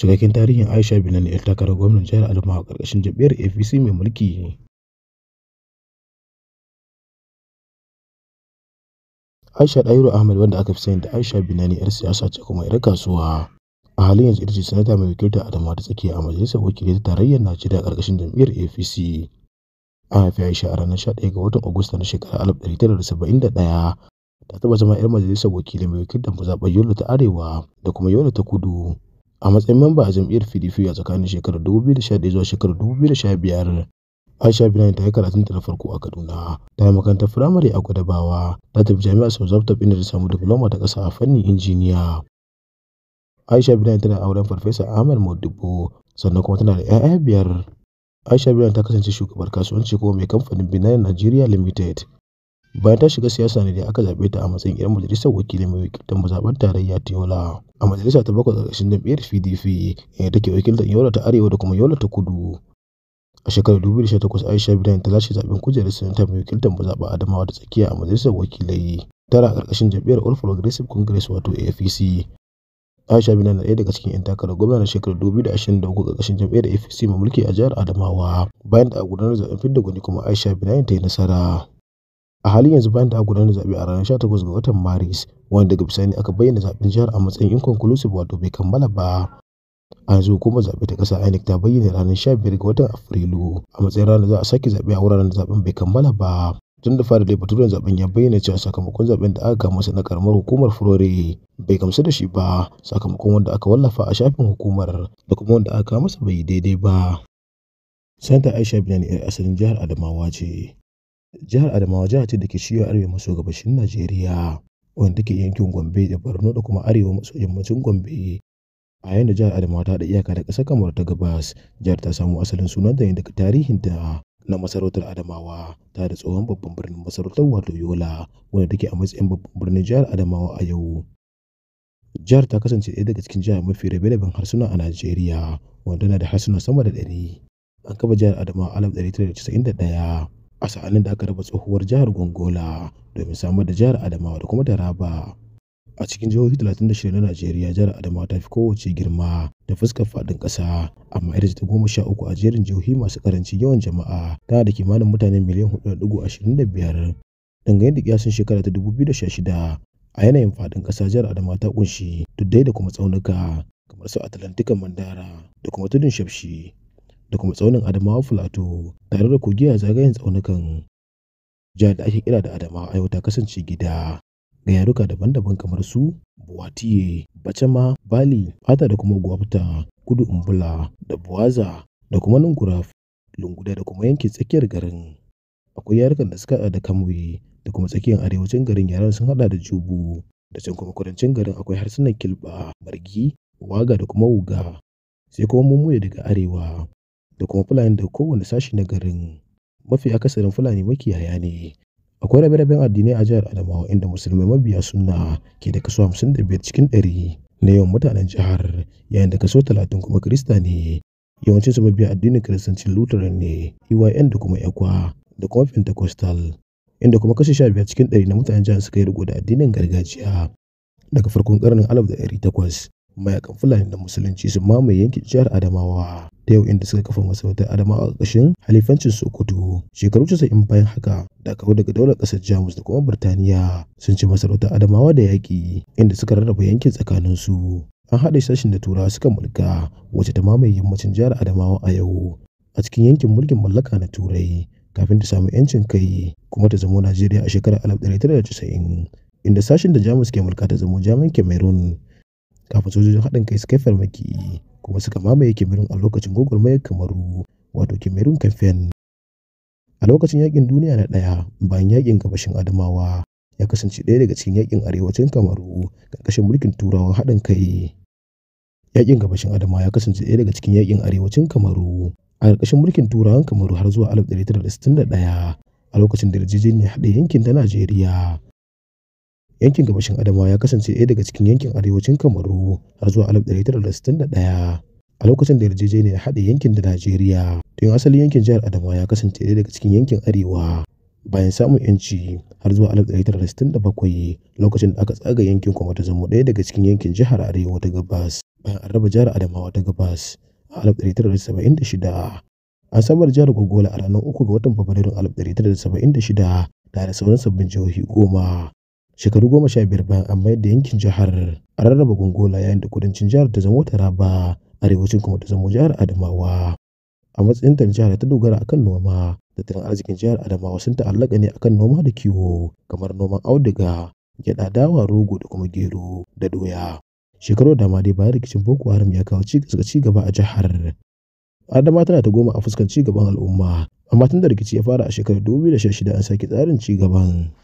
Cikakken tarihin Aisha Binani 'yar takarar gwamnan jihar Adamawa a ƙarƙashin jam'iyyar APC mai mulki. Aisha Ɗahiru Ahmed wanda aka fi sani da Aisha Binani 'yar siyasa ce kuma 'yar kasuwa. A halin yanzu ita ce Sanata mai wakiltar Adamawa ta Tsakiya a Majalisar Wakilai ta Tarayyar Najeriya a ƙarƙashin jam'iyyar APC. An haifi Aisha a ranar 11 ga watan Agusta na shekarar 1971. Ta taɓa zama 'yar majalisar wakilai mai wakiltar mazaɓar Yola ta Arewa da kuma Yola ta Kudu. A matsayin mamba a jam'iyyar PDP a tsakanin shekarar 2011 zuwa shekarar 2015, Aisha Binani ta yi karatunta ta farko a Kaduna, ta yi makarantar firamare a Gwadabawa, ta tafi Jami'ar Southampton inda ta samu diploma ta ƙasa a fannin injiniya. Aisha Binani tana auren Farfesa Ahmad Modibo, sannan kuma tana da 'ya'ya biyar. Aisha Binani ta kasance shugabar kasuwanci kuma mai kamfanin Binani Nigeria Limited. Bayan ta shiga siyasa ne da aka zaɓe ta a matsayin 'yar majalisar wakilai mai wakiltar mazaɓar tarayya ta Yola a majalisa ta bakwai ƙarƙashin jam'iyyar PDP, inda take wakiltar Yola ta Arewa da kuma Yola ta Kudu. A shekarar 2018, Aisha Bidan ta lashe zaɓen kujerar Sanata mai wakiltar mazaɓar Adamawa da Tsakiya a majalisar wakilai tara a ƙarƙashin jam'iyyar All progressive Congress wato AFC. Aisha Bidan na ɗaya daga cikin 'yan takarar gwamna na shekarar 2023 ƙarƙashin jam'iyyar APC mai mulki a jihar Adamawa, bayan da a gudanar da zaɓen fidda gwani kuma Aisha Bidan ta yi nasara. A halin yanzu, bayan da aka gudanar zaɓe a ranar 18 ga watan Maris wanda daga bisani aka bayyana zaɓen jihar a matsayin inconclusive wato bai kammala ba, a yanzu hukumar zaɓe ta ƙasa (INEC) ta bayyana ranar 15 ga watan Afrilu a matsayin ranar za a sake zaɓe a wuraren da zaɓen bai kammala ba. Tun da fara da baturen zaɓen ya bayyana cewa sakamakon zaɓen da aka kama masa na karamar hukumar furore bai gamsu da shi ba, sakamakon wanda aka wallafa a shafin hukumar da kuma wanda aka kama masa bai yi daidai ba. Sanata Aisha Binani 'yar asalin jihar Adamawa ce Jihar Adamawa jihar ce da ke shiyo arewa maso gabashin Najeriya wanda take yankin Gombe da Borno da kuma arewa maso yammacin Gombe. A yayin jihar Adamawa ta da iyaka da ƙasar kamar ta Gabas, jihar ta samo asalin sunanta ne daga ta na masarautar Adamawa ta da tsohon babban birnin masarautar wato Yola wanda take a matsayin babban birnin jihar Adamawa a yau. Jihar ta kasance ɗaya daga cikin jihar mafi rabe-raben harsuna a Najeriya wanda na da harsuna sama da ɗari. An kafa jihar Adamawa a 1991 a sa'anin da aka raba tsohuwar jihar Gongola domin samar da jihar Adamawa da kuma Taraba. A cikin jihohi 36 na Najeriya jihar Adamawa ta fi kowace girma da fuskar faɗin ƙasa amma ita ta goma sha uku a jerin jihohi masu ƙarancin yawan jama'a tana da kimanin mutane miliyan 4.25 dangane da kiyasin shekara ta dubu biyu da shida a yanayin faɗin ƙasa jihar Adamawa ta kunshi tuddai da kuma tsaunuka kamar su Atlantika Mandara da kuma tudun Shafshi. da kuma tsaunin Adamawa Plateau tare da kogi zagayen tsaunukan. Jihar da ake kira da Adamawa a yau ta kasance gida ga yaruka daban-daban kamar su Buwatiye, Bacama, Bali, Fata da kuma Gwabta, Kudu Umbula da Buwaza da kuma Nunguraf, Lunguda da kuma yankin tsakiyar garin. Akwai yarukan da suka haɗa da Kamwe da kuma tsakiyar arewacin garin yaran sun haɗa da Jubu da can kuma kudancin garin akwai harsunan Kilba, Bargi, Waga da kuma Wuga. Sai kuma Mumuye daga arewa da kuma Fulani da kowane sashi na garin. Mafi akasarin Fulani makiyaya ne. Akwai rabe-raben addinai a jihar Adamawa inda Musulmai mabiya suna ke da kaso 55 cikin 100 na yawan mutanen jihar, yayin da kaso talatin kuma Kirista ne. Yawancin su mabiya addinin Kiristancin Lutheran ne, EYN da kuma Yakwa da kuma Pentecostal, inda kuma kashi 15 cikin 100 na mutanen jihar suka yi riko da addinin gargajiya. Daga farkon ƙarnin 1800, mayakan Fulani da Musulunci sun mamaye yankin jihar Adamawa. ta yau inda suka kafa masarautar adamawa a ƙarƙashin halifancin sokoto shekaru casa'in bayan haka Da dakaru daga daular ƙasar jamus da kuma birtaniya sun ci masarautar adamawa da yaƙi inda suka rarraba yankin tsakaninsu an haɗa sashen da turawa suka mulka wacce ta mamaye yammacin jihar adamawa a yau a cikin yankin mulkin mallaka na turai kafin ta samu yancin kai kuma ta zamo najeriya a shekarar 1990 inda sashen da jamus ke mulka ta zamo jamus cameroon kafin sojojin haɗin kai suka farmaki kuma suka mamaye Cameroon a lokacin gwagwarmayar Kamaru wato Cameroon kamfen. A lokacin yakin duniya na ɗaya bayan yakin gabashin Adamawa ya kasance ɗaya daga cikin yakin arewacin Kamaru ƙarƙashin mulkin Turawan haɗin kai. Yakin gabashin Adamawa ya kasance ɗaya daga cikin yakin arewacin Kamaru a ƙarƙashin mulkin Turawan Kamaru har zuwa 1961 a lokacin da yarjejeniyar haɗa yankin ta Najeriya Yankin Gabashin Adamawa ya kasance ɗaya daga cikin yankin Arewacin Kamaru har zuwa 1961, a lokacin da yarjejeniyar haɗe yankin da Najeriya. Tun asalin yankin jihar Adamawa ya kasance ɗaya daga cikin yankin Arewa bayan samun 'yanci har zuwa 1967, lokacin da aka tsaga yankin kuma ta zama ɗaya daga cikin yankin Jihar Arewa ta Gabas bayan an raba Jihar Adamawa ta Gabas a 1976. An samar jihar Gogola a ranar 3 ga watan Fabrairun 1976 tare da sauran sabbin jihohi goma. shekaru goma sha biyar bayan an mayar da yankin jihar a rarraba gongola yayin da kudancin jihar ta zamo taraba arewacin kuma ta zamo jihar adamawa a matsayin ta jihar ta dogara akan noma tattalin arzikin jihar adamawa sun ta'allaka ne akan noma da kiwo kamar noman auduga gyaɗa dawa rogo da kuma gero da doya shekaru da dama dai bayan rikicin boko haram ya kawo ci gaba a jihar Adama tana ta goma a fuskan gaban al'umma, amma tun da rikici ya fara a shekarar shida an sake tsarin cigaban.